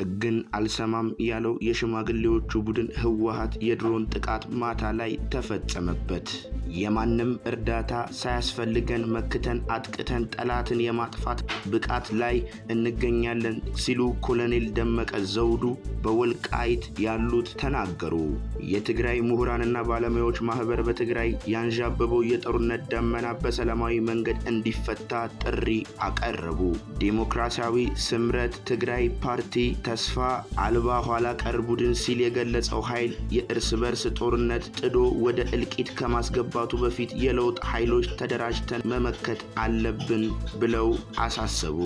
ሕግን አልሰማም ያለው የሽማግሌዎቹ ቡድን ህወሓት የድሮን ጥቃት ማታ ላይ ተፈጸመበት። የማንም እርዳታ ሳያስፈልገን መክተን አጥቅተን ጠላትን የማጥፋት ብቃት ላይ እንገኛለን ሲሉ ኮሎኔል ደመቀ ዘውዱ በወልቃይት ያሉት ተናገሩ። የትግራይ ምሁራንና ባለሙያዎች ማህበር በትግራይ ያንዣበበው የጦርነት ደመና በሰላማዊ መንገድ እንዲፈታ ጥሪ አቀረቡ። ዴሞክራሲያዊ ስምረት ትግራይ ፓርቲ ተስፋ አልባ ኋላ ቀር ቡድን ሲል የገለጸው ኃይል የእርስ በርስ ጦርነት ጥዶ ወደ እልቂት ከማስገባቱ በፊት የለውጥ ኃይሎች ተደራጅተን መመከት አለብን ብለው አሳሰቡ።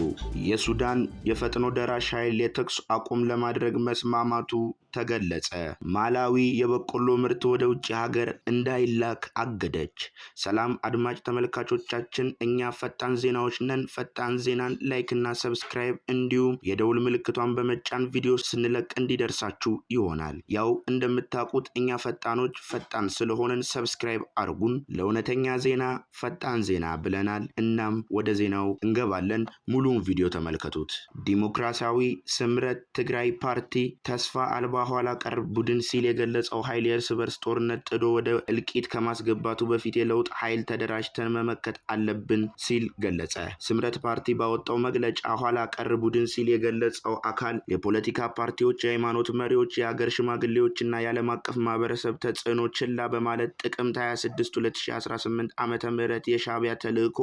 የሱዳን የፈጥኖ ደራሽ ኃይል የተኩስ አቁም ለማድረግ መስማማቱ ተገለጸ። ማላዊ የበቆሎ ምርት ወደ ውጭ ሀገር እንዳይላክ አገደች። ሰላም አድማጭ ተመልካቾቻችን፣ እኛ ፈጣን ዜናዎች ነን። ፈጣን ዜናን ላይክ እና ሰብስክራይብ እንዲሁም የደውል ምልክቷን በመጫ እያጫን ቪዲዮ ስንለቅ እንዲደርሳችሁ ይሆናል። ያው እንደምታውቁት እኛ ፈጣኖች ፈጣን ስለሆነን ሰብስክራይብ አርጉን። ለእውነተኛ ዜና ፈጣን ዜና ብለናል። እናም ወደ ዜናው እንገባለን። ሙሉውን ቪዲዮ ተመልከቱት። ዲሞክራሲያዊ ስምረት ትግራይ ፓርቲ ተስፋ አልባ ኋላ ቀር ቡድን ሲል የገለጸው ኃይል የእርስ በርስ ጦርነት ጥዶ ወደ እልቂት ከማስገባቱ በፊት የለውጥ ኃይል ተደራጅተን መመከት አለብን ሲል ገለጸ። ስምረት ፓርቲ ባወጣው መግለጫ ኋላ ቀር ቡድን ሲል የገለጸው አካል የፖለቲካ ፓርቲዎች፣ የሃይማኖት መሪዎች፣ የሀገር ሽማግሌዎች እና የዓለም አቀፍ ማህበረሰብ ተጽዕኖ ችላ በማለት ጥቅምት 26 2018 ዓመተ ምህረት የሻዕቢያ ተልዕኮ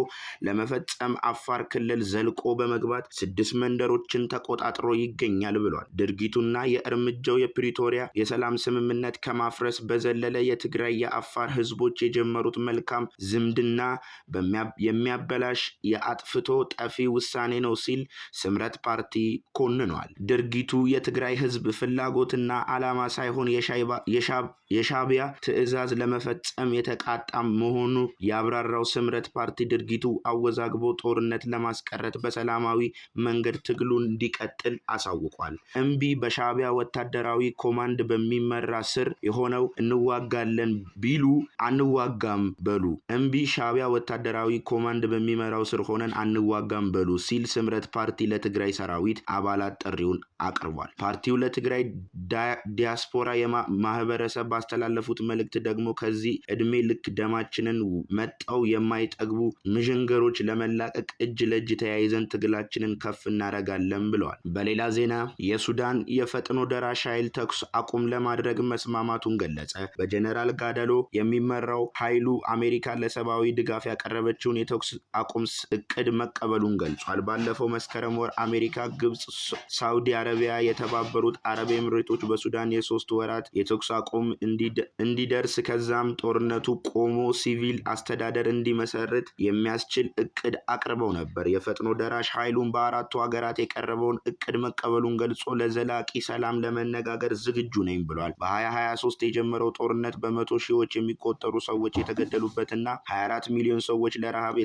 ለመፈጸም አፋር ክልል ዘልቆ በመግባት ስድስት መንደሮችን ተቆጣጥሮ ይገኛል ብሏል። ድርጊቱና የእርምጃው የፕሪቶሪያ የሰላም ስምምነት ከማፍረስ በዘለለ የትግራይ የአፋር ህዝቦች የጀመሩት መልካም ዝምድና የሚያበላሽ የአጥፍቶ ጠፊ ውሳኔ ነው ሲል ስምረት ፓርቲ ኮንኗል። ድርጊቱ የትግራይ ህዝብ ፍላጎትና ዓላማ ሳይሆን የሻቢያ ትዕዛዝ ለመፈጸም የተቃጣ መሆኑ ያብራራው ስምረት ፓርቲ ድርጊቱ አወዛግቦ ጦርነት ለማስቀረት በሰላማዊ መንገድ ትግሉ እንዲቀጥል አሳውቋል። እምቢ በሻቢያ ወታደራዊ ኮማንድ በሚመራ ስር የሆነው እንዋጋለን ቢሉ አንዋጋም በሉ። እምቢ ሻቢያ ወታደራዊ ኮማንድ በሚመራው ስር ሆነን አንዋጋም በሉ ሲል ስምረት ፓርቲ ለትግራይ ሰራዊት አባላት ጥሪውን አቅርቧል። ፓርቲው ለትግራይ ዲያስፖራ ማህበረሰብ ባስተላለፉት መልእክት ደግሞ ከዚህ እድሜ ልክ ደማችንን መጣው የማይጠግቡ ምዥንገሮች ለመላቀቅ እጅ ለእጅ ተያይዘን ትግላችንን ከፍ እናደርጋለን ብለዋል። በሌላ ዜና የሱዳን የፈጥኖ ደራሽ ኃይል ተኩስ አቁም ለማድረግ መስማማቱን ገለጸ። በጀነራል ጋደሎ የሚመራው ኃይሉ አሜሪካ ለሰብአዊ ድጋፍ ያቀረበችውን የተኩስ አቁም እቅድ መቀበሉን ገልጿል። ባለፈው መስከረም ወር አሜሪካ፣ ግብጽ፣ ሳውዲ አረቢያ፣ የተባበሩት አረብ ኤምሬቶች በሱዳን የሶስት ወራት የተኩስ አቁም እንዲደርስ ከዛም ጦርነቱ ቆሞ ሲቪል አስተዳደር እንዲመሰርት የሚያስችል እቅድ አቅርበው ነበር። የፈጥኖ ደራሽ ኃይሉን በአራቱ ሀገራት የቀረበውን እቅድ መቀበሉን ገልጾ ለዘላቂ ሰላም ለመነጋገር ዝግጁ ነኝ ብሏል። በ2023 የጀመረው ጦርነት በመቶ ሺዎች የሚቆጠሩ ሰዎች የተገደሉበትና 24 ሚሊዮን ሰዎች ለረሃብ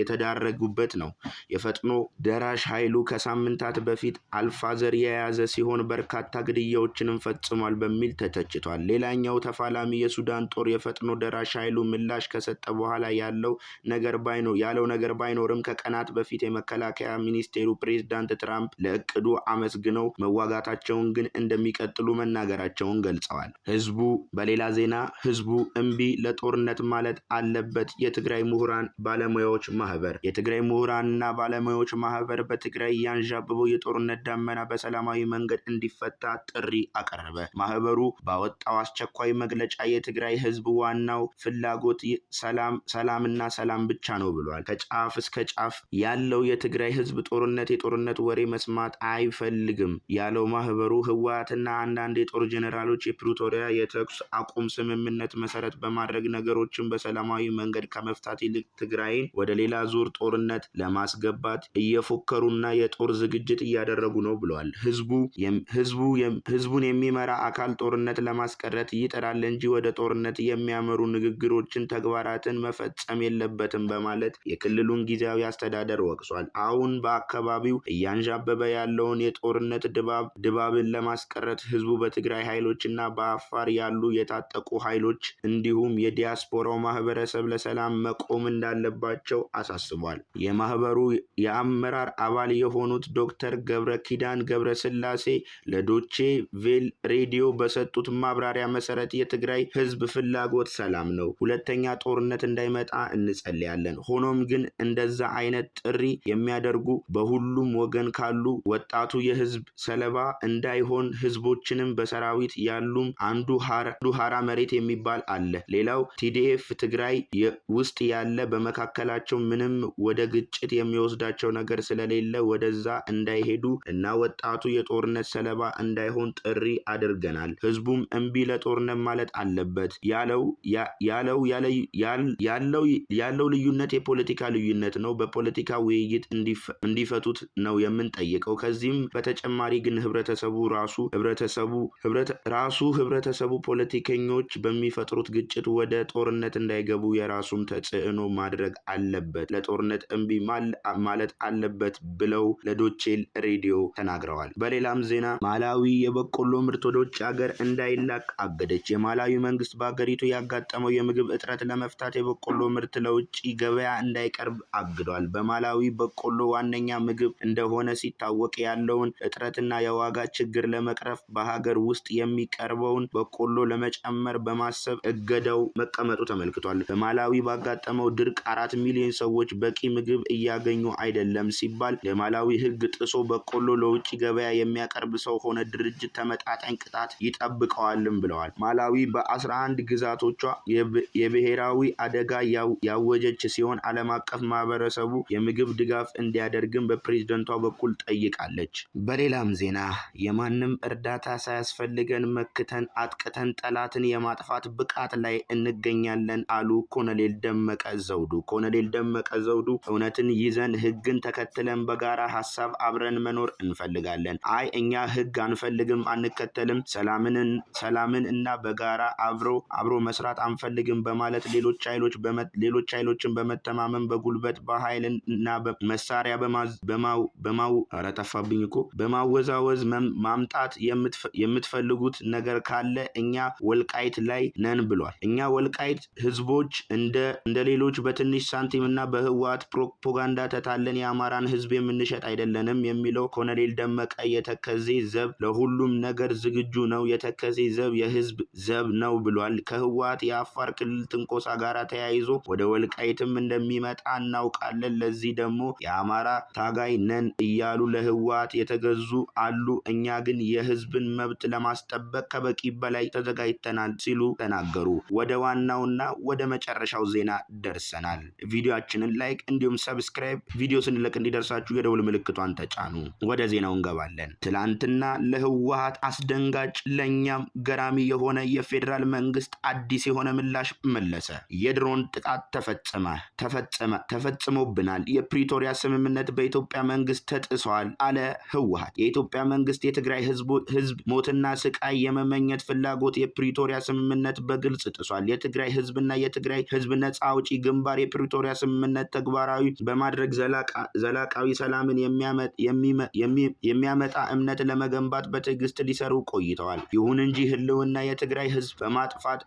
የተዳረጉበት ነው። የፈጥኖ ደራሽ ኃይሉ ከሳምንታት በፊት አልፋዘር የያዘ ሲሆን በርካታ ግድያዎችንም ፈጽሟል በሚል ተተችቷል። ሌላኛው ተፋላሚ የሱዳን ጦር የፈጥኖ ደራሽ ኃይሉ ምላሽ ከሰጠ በኋላ ያለው ነገር ባይኖር ያለው ነገር ባይኖርም ከቀናት በፊት የመከላከያ ሚኒስቴሩ ፕሬዝዳንት ትራምፕ ለእቅዱ አመስግነው መዋጋታቸውን ግን እንደሚቀጥሉ መናገራቸውን ገልጸዋል። ህዝቡ በሌላ ዜና ህዝቡ እምቢ ለጦርነት ማለት አለበት። የትግራይ ምሁራን ባለሙያዎች ማህበር የትግራይ ምሁራንና ባለሙያዎች ማህበር በትግራይ ያንዣብበው የጦርነት ዳመና በሰ በሰላማዊ መንገድ እንዲፈታ ጥሪ አቀረበ። ማህበሩ ባወጣው አስቸኳይ መግለጫ የትግራይ ህዝብ ዋናው ፍላጎት ሰላም ሰላምና ሰላም ብቻ ነው ብሏል። ከጫፍ እስከ ጫፍ ያለው የትግራይ ህዝብ ጦርነት የጦርነት ወሬ መስማት አይፈልግም ያለው ማህበሩ ህወሓትና አንዳንድ የጦር ጄኔራሎች የፕሪቶሪያ የተኩስ አቁም ስምምነት መሰረት በማድረግ ነገሮችን በሰላማዊ መንገድ ከመፍታት ይልቅ ትግራይን ወደ ሌላ ዙር ጦርነት ለማስገባት እየፎከሩና የጦር ዝግጅት እያደረጉ ነው ብሏል። ህዝቡን የሚመራ አካል ጦርነት ለማስቀረት ይጥራል እንጂ ወደ ጦርነት የሚያመሩ ንግግሮችን፣ ተግባራትን መፈጸም የለበትም በማለት የክልሉን ጊዜያዊ አስተዳደር ወቅሷል። አሁን በአካባቢው እያንዣበበ ያለውን የጦርነት ድባብን ለማስቀረት ህዝቡ በትግራይ ኃይሎችና በአፋር ያሉ የታጠቁ ኃይሎች እንዲሁም የዲያስፖራው ማህበረሰብ ለሰላም መቆም እንዳለባቸው አሳስቧል። የማህበሩ የአመራር አባል የሆኑት ዶክተር ገብረ ኪዳን ገብረ ስላሴ ለዶቼ ቬል ሬዲዮ በሰጡት ማብራሪያ መሰረት የትግራይ ህዝብ ፍላጎት ሰላም ነው። ሁለተኛ ጦርነት እንዳይመጣ እንጸልያለን። ሆኖም ግን እንደዛ አይነት ጥሪ የሚያደርጉ በሁሉም ወገን ካሉ ወጣቱ የህዝብ ሰለባ እንዳይሆን ህዝቦችንም በሰራዊት ያሉም አንዱ ሀራ መሬት የሚባል አለ። ሌላው ቲዲኤፍ ትግራይ ውስጥ ያለ በመካከላቸው ምንም ወደ ግጭት የሚወስዳቸው ነገር ስለሌለ ወደዛ እንዳይሄዱ እና ወጣቱ ወጣቱ የጦርነት ሰለባ እንዳይሆን ጥሪ አድርገናል። ህዝቡም እምቢ ለጦርነት ማለት አለበት ያለው ያለው ልዩነት የፖለቲካ ልዩነት ነው። በፖለቲካ ውይይት እንዲፈቱት ነው የምንጠይቀው። ከዚህም በተጨማሪ ግን ህብረተሰቡ ራሱ ህብረተሰቡ ራሱ ህብረተሰቡ ፖለቲከኞች በሚፈጥሩት ግጭት ወደ ጦርነት እንዳይገቡ የራሱም ተጽዕኖ ማድረግ አለበት፣ ለጦርነት እምቢ ማለት አለበት ብለው ለዶቼል ሬዲዮ ተናግረዋል። ተናግረዋል። በሌላም ዜና ማላዊ የበቆሎ ምርት ወደ ውጭ ሀገር እንዳይላክ አገደች። የማላዊ መንግስት በሀገሪቱ ያጋጠመው የምግብ እጥረት ለመፍታት የበቆሎ ምርት ለውጭ ገበያ እንዳይቀርብ አግዷል። በማላዊ በቆሎ ዋነኛ ምግብ እንደሆነ ሲታወቅ ያለውን እጥረትና የዋጋ ችግር ለመቅረፍ በሀገር ውስጥ የሚቀርበውን በቆሎ ለመጨመር በማሰብ እገዳው መቀመጡ ተመልክቷል። በማላዊ ባጋጠመው ድርቅ አራት ሚሊዮን ሰዎች በቂ ምግብ እያገኙ አይደለም ሲባል የማላዊ ሕግ ጥሶ በቆሎ ለውጭ ገበያ የሚያቀርብ ሰው ሆነ ድርጅት ተመጣጣኝ ቅጣት ይጠብቀዋልም ብለዋል። ማላዊ በ11 ግዛቶቿ የብሔራዊ አደጋ ያወጀች ሲሆን ዓለም አቀፍ ማህበረሰቡ የምግብ ድጋፍ እንዲያደርግም በፕሬዝደንቷ በኩል ጠይቃለች። በሌላም ዜና የማንም እርዳታ ሳያስፈልገን መክተን አጥቅተን ጠላትን የማጥፋት ብቃት ላይ እንገኛለን አሉ ኮሎኔል ደመቀ ዘውዱ። ኮሎኔል ደመቀ ዘውዱ እውነትን ይዘን ህግን ተከትለን በጋራ ሀሳብ አብረን መኖር እንፈልጋለን እንላለን። አይ እኛ ህግ አንፈልግም፣ አንከተልም፣ ሰላምን እና በጋራ አብሮ አብሮ መስራት አንፈልግም በማለት ሌሎች ኃይሎች ሌሎች ኃይሎችን በመተማመን በጉልበት በኃይል እና መሳሪያ በማው ረጠፋብኝ እኮ በማወዛወዝ ማምጣት የምትፈልጉት ነገር ካለ እኛ ወልቃይት ላይ ነን ብሏል። እኛ ወልቃይት ህዝቦች እንደ ሌሎች በትንሽ ሳንቲም እና በህወሓት ፕሮፓጋንዳ ተታለን የአማራን ህዝብ የምንሸጥ አይደለንም የሚለው ኮሎኔል ደመቀ ቀይ የተከዜ ዘብ ለሁሉም ነገር ዝግጁ ነው፣ የተከዜ ዘብ የህዝብ ዘብ ነው ብሏል። ከህወሓት የአፋር ክልል ትንኮሳ ጋር ተያይዞ ወደ ወልቃይትም እንደሚመጣ እናውቃለን። ለዚህ ደግሞ የአማራ ታጋይ ነን እያሉ ለህወሓት የተገዙ አሉ። እኛ ግን የህዝብን መብት ለማስጠበቅ ከበቂ በላይ ተዘጋጅተናል ሲሉ ተናገሩ። ወደ ዋናውና ወደ መጨረሻው ዜና ደርሰናል። ቪዲዮችንን ላይክ እንዲሁም ሰብስክራይብ፣ ቪዲዮ ስንለቅ እንዲደርሳችሁ የደውል ምልክቷን ተጫኑ። ወደ ዜናው እንገባ እንገባለን። ትላንትና ለህወሀት አስደንጋጭ ለእኛም ገራሚ የሆነ የፌዴራል መንግስት አዲስ የሆነ ምላሽ መለሰ። የድሮን ጥቃት ተፈጸመ ተፈጸመ ተፈጽሞብናል። የፕሪቶሪያ ስምምነት በኢትዮጵያ መንግስት ተጥሷል አለ ህወሀት። የኢትዮጵያ መንግስት የትግራይ ህዝብ ሞትና ስቃይ የመመኘት ፍላጎት የፕሪቶሪያ ስምምነት በግልጽ ጥሷል። የትግራይ ህዝብና የትግራይ ህዝብ ነጻ አውጪ ግንባር የፕሪቶሪያ ስምምነት ተግባራዊ በማድረግ ዘላቃዊ ሰላምን የሚ የሚያመጣ እምነት ለመገንባት በትዕግስት ሊሰሩ ቆይተዋል። ይሁን እንጂ ህልውና የትግራይ ህዝብ በማጥፋት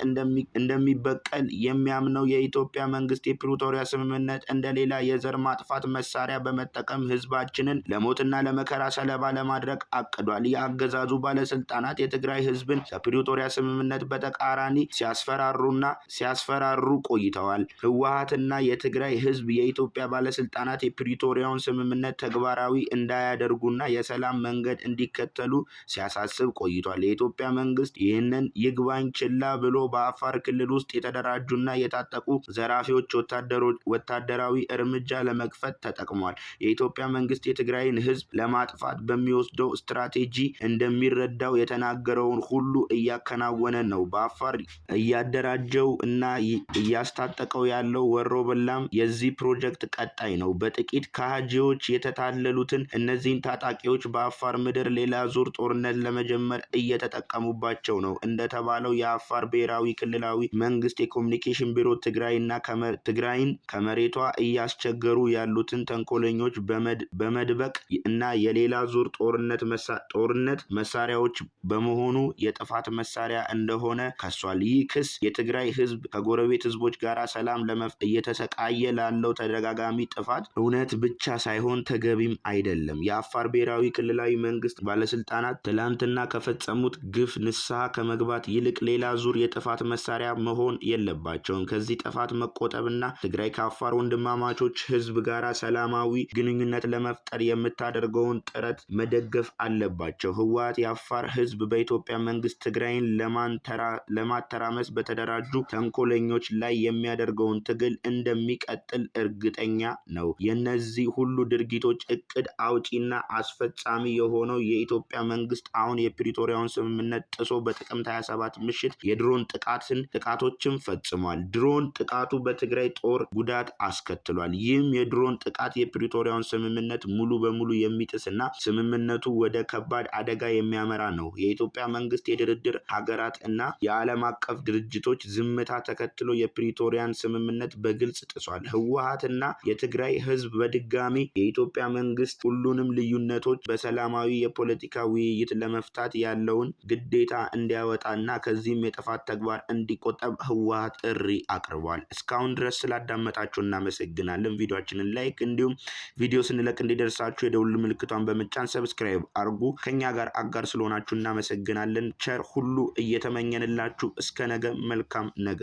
እንደሚበቀል የሚያምነው የኢትዮጵያ መንግስት የፕሪቶሪያ ስምምነት እንደሌላ የዘር ማጥፋት መሳሪያ በመጠቀም ህዝባችንን ለሞትና ለመከራ ሰለባ ለማድረግ አቅዷል። የአገዛዙ ባለስልጣናት የትግራይ ህዝብን ከፕሪቶሪያ ስምምነት በተቃራኒ ሲያስፈራሩና ሲያስፈራሩ ቆይተዋል። ህወሀትና የትግራይ ህዝብ የኢትዮጵያ ባለስልጣናት የፕሪቶሪያውን ስምምነት ተግባራዊ እንዳያደርጉና የሰላም መልካም መንገድ እንዲከተሉ ሲያሳስብ ቆይቷል። የኢትዮጵያ መንግስት ይህንን ይግባኝ ችላ ብሎ በአፋር ክልል ውስጥ የተደራጁና የታጠቁ ዘራፊዎች ወታደራዊ እርምጃ ለመክፈት ተጠቅሟል። የኢትዮጵያ መንግስት የትግራይን ህዝብ ለማጥፋት በሚወስደው ስትራቴጂ እንደሚረዳው የተናገረውን ሁሉ እያከናወነ ነው። በአፋር እያደራጀው እና እያስታጠቀው ያለው ወሮ በላም የዚህ ፕሮጀክት ቀጣይ ነው። በጥቂት ካሃጂዎች የተታለሉትን እነዚህን ታጣቂዎች በ በአፋር ምድር ሌላ ዙር ጦርነት ለመጀመር እየተጠቀሙባቸው ነው። እንደተባለው የአፋር ብሔራዊ ክልላዊ መንግስት የኮሚኒኬሽን ቢሮ ትግራይና ትግራይን ከመሬቷ እያስቸገሩ ያሉትን ተንኮለኞች በመድበቅ እና የሌላ ዙር ጦርነት መሳሪያዎች በመሆኑ የጥፋት መሳሪያ እንደሆነ ከሷል። ይህ ክስ የትግራይ ህዝብ ከጎረቤት ህዝቦች ጋር ሰላም ለመፍ እየተሰቃየ ላለው ተደጋጋሚ ጥፋት እውነት ብቻ ሳይሆን ተገቢም አይደለም። የአፋር ብሔራዊ ክልል ክልላዊ መንግስት ባለስልጣናት ትላንትና ከፈጸሙት ግፍ ንስሐ ከመግባት ይልቅ ሌላ ዙር የጥፋት መሳሪያ መሆን የለባቸውም። ከዚህ ጥፋት መቆጠብና ትግራይ ከአፋር ወንድማማቾች ህዝብ ጋር ሰላማዊ ግንኙነት ለመፍጠር የምታደርገውን ጥረት መደገፍ አለባቸው። ህወሓት የአፋር ህዝብ በኢትዮጵያ መንግስት ትግራይን ለማተራመስ በተደራጁ ተንኮለኞች ላይ የሚያደርገውን ትግል እንደሚቀጥል እርግጠኛ ነው። የነዚህ ሁሉ ድርጊቶች እቅድ አውጪና አስፈጻሚ ፈጻሚ የሆነው የኢትዮጵያ መንግስት አሁን የፕሪቶሪያውን ስምምነት ጥሶ በጥቅምት 27 ምሽት የድሮን ጥቃትን ጥቃቶችን ፈጽሟል። ድሮን ጥቃቱ በትግራይ ጦር ጉዳት አስከትሏል። ይህም የድሮን ጥቃት የፕሪቶሪያውን ስምምነት ሙሉ በሙሉ የሚጥስና ስምምነቱ ወደ ከባድ አደጋ የሚያመራ ነው። የኢትዮጵያ መንግስት የድርድር ሀገራት እና የዓለም አቀፍ ድርጅቶች ዝምታ ተከትሎ የፕሪቶሪያን ስምምነት በግልጽ ጥሷል። ህወሀትና የትግራይ ህዝብ በድጋሚ የኢትዮጵያ መንግስት ሁሉንም ልዩነቶች በሰላማዊ የፖለቲካ ውይይት ለመፍታት ያለውን ግዴታ እንዲያወጣና ከዚህም የጥፋት ተግባር እንዲቆጠብ ህወሓት ጥሪ አቅርቧል። እስካሁን ድረስ ስላዳመጣችሁ እናመሰግናለን። ቪዲዮችንን ላይክ እንዲሁም ቪዲዮ ስንለቅ እንዲደርሳችሁ የደውል ምልክቷን በመጫን ሰብስክራይብ አርጉ ከኛ ጋር አጋር ስለሆናችሁ እናመሰግናለን። ቸር ሁሉ እየተመኘንላችሁ እስከ ነገ መልካም ነገ